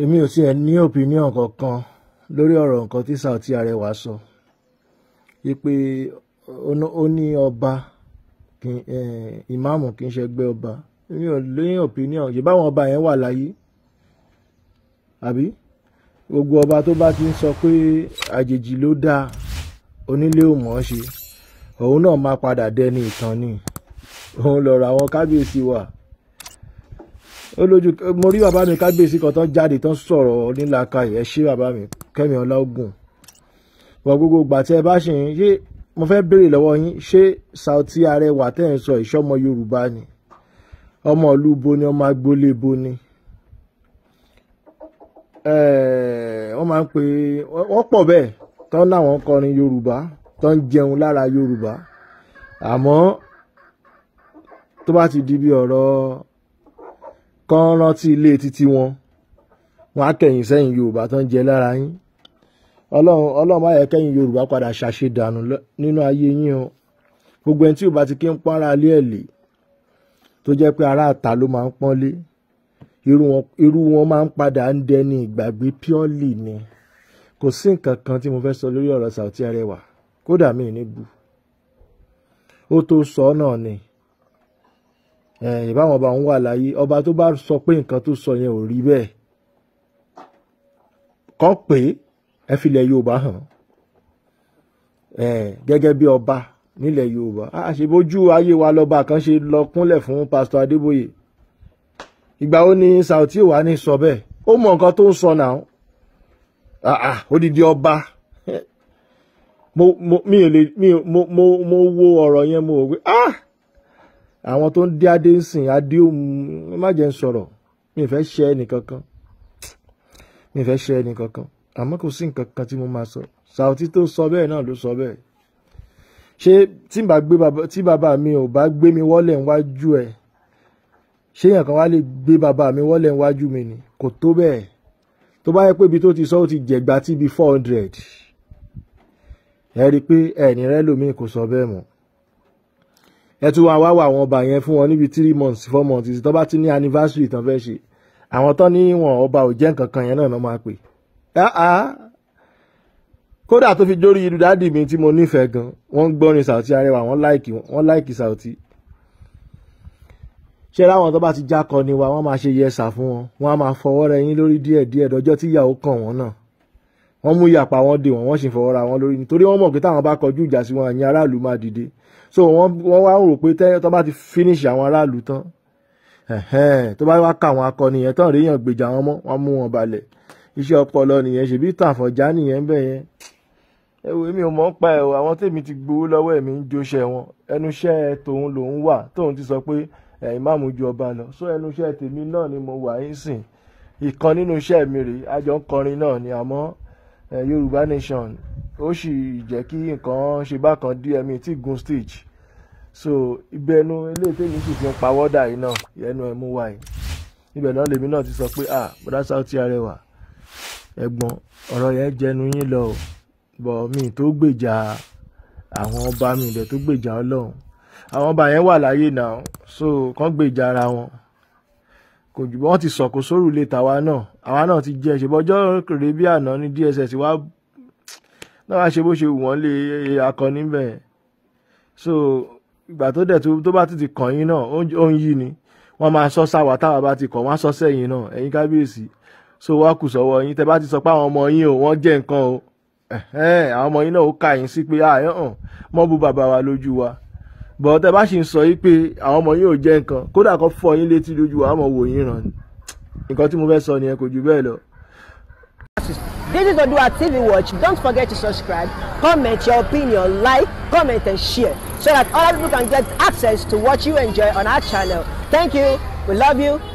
èmi ò tiẹ̀ ní opinion kankan lórí ọ̀rọ̀ nǹkan tí Saoty Arẹwà sọ wípé ó ní ọba ìmáàmù kì í ṣẹgbẹ́ ọba èmi ò ní opinion yìí báwọn ọba yẹn wà láyé àbí gbogbo ọba tó bá ti ń sọ pé àjèjì ló dáa onílé ò mọ̀ ọ́ ṣe òun náà máa padà dẹni ìtàn ni òun lọ̀rọ̀ àwọn kábíyèsí wà ó lójú mo rí bàbá mi kábíyèsí kan tán jáde tán sọ̀rọ̀ nílàkàyè ẹ ṣé bàbá mi kẹ́mi ọláògùn wọ gbogbo ìgbà tí ẹ bá ṣe ń ṣe mo fẹ́ béèrè lọ́wọ́ yín ṣé Saoty Arẹwà tẹ́ ń sọ ìṣọ́mọ Yorùbá ni ọmọ ìlú bo ni ọmọ agboolé bo ni wọ́n máa ń pè wọ́n pọ̀ bẹ́ẹ̀ tán láwọn kọrin Yorùbá tán jẹun lára Yorùbá àmọ́ tó bá ti di bí ọ̀rọ̀ kán rántí ilé títí wọn wọn á kẹ̀yìn sẹ́yìn yorùbá tó ń jẹ lára yín ọlọ́run ọlọ́run máa yẹ kẹ́yìn yorùbá padà ṣàṣedànù nínú ayé yín o gbogbo ẹni tí yorùbá ti kí ń pọ́n ara lé ẹ̀ lè tó jẹ́ pé ará àta ló máa ń pọ́n lé irú wọn máa ń padà ń dẹni ìgbàgbé purely ni kò sí nǹkan kan tí mo fẹ́ sọ lórí ọ̀rọ̀ Saoty Arewa kódà mi ì ní bu ó tó sọ náà ni ìbáwọn ọba òun wà láyé ọba tó bá sọ pé nǹkan tó sọ yẹn ò rí bẹ́ẹ̀ kọ́ pé ẹ filẹ̀ Yorùbá hàn gẹ́gẹ́ bí ọba nílẹ̀ Yorùbá àṣebójú ayé wa lọ́ba kan ṣe lọ kúnlẹ̀ fún pásítọ̀ Adébóyè ìgbà wo ni Saoty wà ní sọ bẹ́ẹ̀ ó mọ nǹkan tó ń sọ náà odidi ọba mo mi ò lè mi mo mo wo ọ̀rọ̀ yẹn mo wò pé ah àwọn tó ń dé adé ń sìn adé òun má jẹ́ ń sọ̀rọ̀ mi ì fẹ́ ṣe ẹnìkankan mi ì fẹ́ ṣe ẹnìkankan àmọ́ kò sí nǹkan kan tí mo máa sọ Saoty tó sọ bẹ́ẹ̀ náà ló sọ bẹ́ẹ̀ ṣé tí bàbá mi ò bá gbé mi wọ́lẹ̀ níwájú ẹ̀ ṣé èèyàn kan wá lè gbé bàbá mi wọ́lẹ̀ níwájú mi ni kò tó bẹ́ẹ̀ tó bá yẹ pé ibi tó ti sọ ó ti jẹ̀gbá tí bíi four hundred ẹ rí i pé ẹ̀ẹ́nì rẹ lòmíì kò sọ bẹ́ẹ̀ mọ́ ẹ tún wá wáwà àwọn ọba yẹn fún wọn níbi three months four months tó bá ti ní anniversary tán fẹ́ ṣe àwọn tán ní wọn ọba ò jẹ́ nǹkan kan yẹn náà máa pè kódà tó fi dórí irú mi tí mo nífẹ̀ẹ́ gan wọ́n ń gbọ́rin Saoty Arẹwà wọ́n láìkì wọ́n láìkì Saoty ṣé láwọn tó bá ti jákọ ni wa wọ́n máa ṣe yẹsà fún wọn wọ́n á máa fọwọ́ rẹ yín lórí díẹ̀díẹ̀ dọjọ́ tí ìyàwó kàn wọ́n náà wọ́n mú ìyàpá wọn dè wọ́n wọ́n sì fọwọ́ ra wọn lórí nítorí wọ́n mọ̀ pé táwọn bá kọjú ìjà sí wọn àyìn aráàlú máa dìde so wọ́n wọ́n wá rò pé tó bá ti finish àwọn aráàlú tán tó bá wá ká àwọn akọni yẹn tán rèéyàn gbèjà wọn mọ́ wọ́n mú wọn balẹ̀ iṣẹ́ ọpọlọ nìyẹn ṣèbí tàfọ̀já nìyẹn ń bẹ̀ yẹn ẹ wo èmi ò mọ̀ ń pa ẹ̀ o àwọn tèmi ti gbowó lọ́wọ́ ẹ̀mí ń jóṣẹ́ wọn ẹnu iṣẹ́ tòun lòun wà tóun ti sọ pé ìmáàmù ju ọba lọ so ẹnu iṣẹ́ tèmi náà ni mo wà ń sìn ìkan nínú iṣẹ́ mi rèé àjọ ń kọrin náà ni àmọ́ Eh, yorùbá nation ó sì jẹ́ kí nǹkan ṣe bákan díẹ̀ mi tí gun stage so ìbẹnu eléyìí tèmi sì fi ń pawọ́dà yìí náà ẹnu ẹ̀ mú wá yìí ibẹ̀ náà lèmi náà ti sọ pé ah bọ́dá Saoty Arewa ẹ̀gbọ́n ọ̀rọ̀ yẹn jẹnu yín lọ bọ̀ mi tó gbèjà àwọn ọba mi ìdẹ̀ tó gbèjà ọlọ́run àwọn ọba yẹn wà láyé náà so kàn gbèjà ara wọn kò jù wọ́n ti sọ̀kò sóru lè tàwa náà àwa náà ti jẹ́ ṣèbọ̀ ọjọ́ rèé bí àná ní DSS wá náà wá ṣe bó ṣe wù wọ́n lé akọni bẹ́ẹ̀ so ìgbà tó dẹ̀ tó bá ti kàn yín náà ó ń yí ni wọ́n máa sọ sáwà táwa bá ti kàn wọ́n á sọ sẹ́yìn náà ẹ̀yin kábíyèsí so wá kù sọ́wọ́ yín tẹ bá ti sọ pé àwọn ọmọ yín ò wọ́n jẹ́ nǹkan o àwọn ọmọ yín náà ó kà yín sí pé àyàn hàn bu bàbá wa lójú wa bọ̀ tẹ́ bá sì ń sọ yìí pé àwọn ọmọ yín ò jẹ́ nǹkan kódà kan fọ yín létí lójú àwọn ọmọ wò yín ràn ní nǹkan tí mo fẹ́ sọ nìyẹn kò jù bẹ́ẹ̀ lọ. This is Odua TV Watch. Don't forget to subscribe, comment your opinion, like, comment and share so that other people can get access to what you enjoy on our channel. Thank you. We love you.